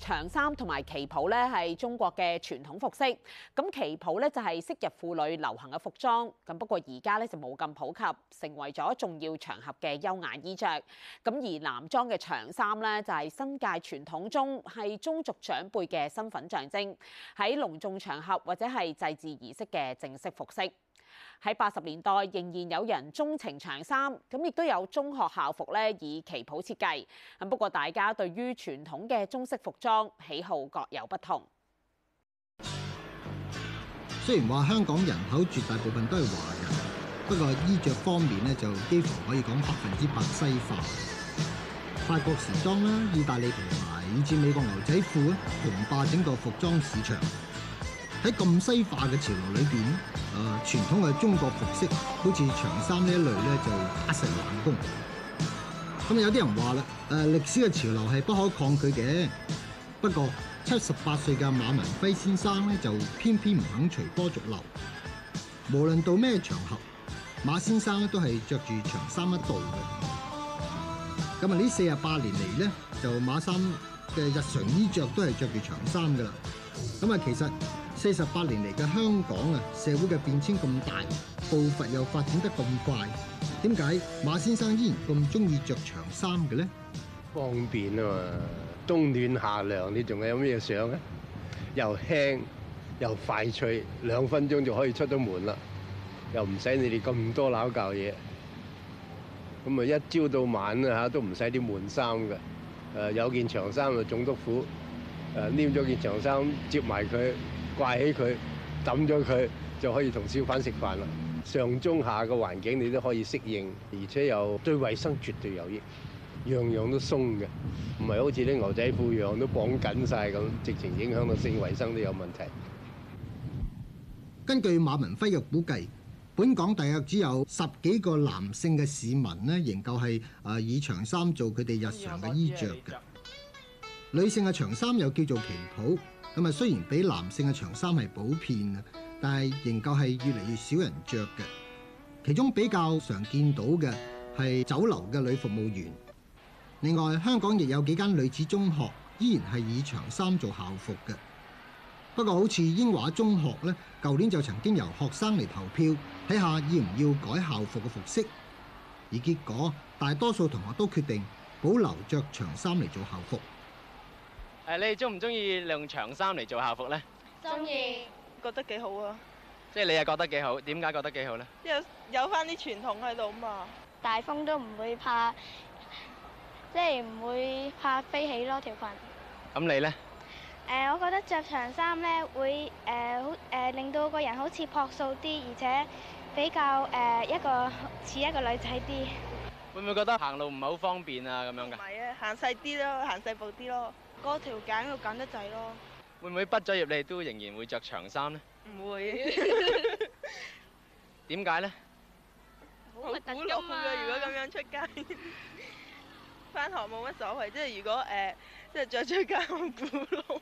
長衫同埋旗袍呢係中國嘅傳統服飾，咁旗袍呢就係昔日婦女流行嘅服裝，咁不過而家呢就冇咁普及，成為咗重要場合嘅優雅衣着。咁而男裝嘅長衫呢就係新界傳統中係宗族長輩嘅身份象徵，喺隆重場合或者係祭祀儀式嘅正式服飾。喺八十年代，仍然有人鍾情長衫，咁亦都有中學校服咧以旗袍設計。咁不過大家對於傳統嘅中式服裝喜好各有不同。雖然話香港人口絕大部分都係華人，不過衣着方面就幾乎可以講百分之百西化。法國時裝啦、意大利名牌，以至美國牛仔褲啊，雄霸整個服裝市場。喺咁西化嘅潮流裏邊，啊，傳統嘅中國服飾，好似長衫呢一類咧，就打成冷宮。咁有啲人話啦，誒歷史嘅潮流係不可抗拒嘅。不過七十八歲嘅馬文輝先生咧，就偏偏唔肯隨波逐流。無論到咩場合，馬先生咧都係着住長衫一度嘅。咁啊，呢四十八年嚟咧，就馬生嘅日常衣着都係着住長衫噶啦。咁啊，其實。四十八年嚟嘅香港啊，社會嘅變遷咁大，步伐又發展得咁快，點解馬先生依然咁中意着長衫嘅咧？方便啊嘛，冬暖夏涼，你仲有咩想咧？又輕又快脆，兩分鐘就可以出到門啦，又唔使你哋咁多攋教嘢。咁啊，一朝到晚啊嚇都唔使啲門衫嘅。誒有件長衫啊，總督府，誒黏咗件長衫接埋佢。掛起佢，揼咗佢就可以同小販食飯啦。上中下個環境你都可以適應，而且又對衞生絕對有益，樣樣都鬆嘅，唔係好似啲牛仔褲樣都綁緊晒咁，直情影響到性衞生都有問題。根據馬文輝嘅估計，本港大約只有十幾個男性嘅市民呢，仍舊係啊以長衫做佢哋日常嘅衣着嘅。女性嘅長衫又叫做旗袍。咁啊，雖然比男性嘅長衫係普遍啊，但係仍舊係越嚟越少人着嘅。其中比較常見到嘅係酒樓嘅女服務員。另外，香港亦有幾間女子中學，依然係以長衫做校服嘅。不過，好似英華中學呢，舊年就曾經由學生嚟投票，睇下要唔要改校服嘅服飾。而結果，大多數同學都決定保留着長衫嚟做校服。誒，你中唔中意用長衫嚟做校服咧？中意，覺得幾好啊！即係你又覺得幾好？點解覺得幾好咧？有有翻啲傳統喺度嘛。大風都唔會怕，即係唔會怕飛起咯條裙。咁你咧？誒，我覺得着長衫咧會誒好誒，令到個人好似朴素啲，而且比較誒一個似一個女仔啲。會唔會覺得行路唔係好方便啊？咁樣噶？唔係啊，行細啲咯，行細步啲咯。嗰條頸又緊得滯咯，會唔會畢咗業你都仍然會著長衫呢？唔會。點解呢？好古老啊！如果咁樣出街，翻學冇乜所謂。即係如果誒，即係著出街好古老。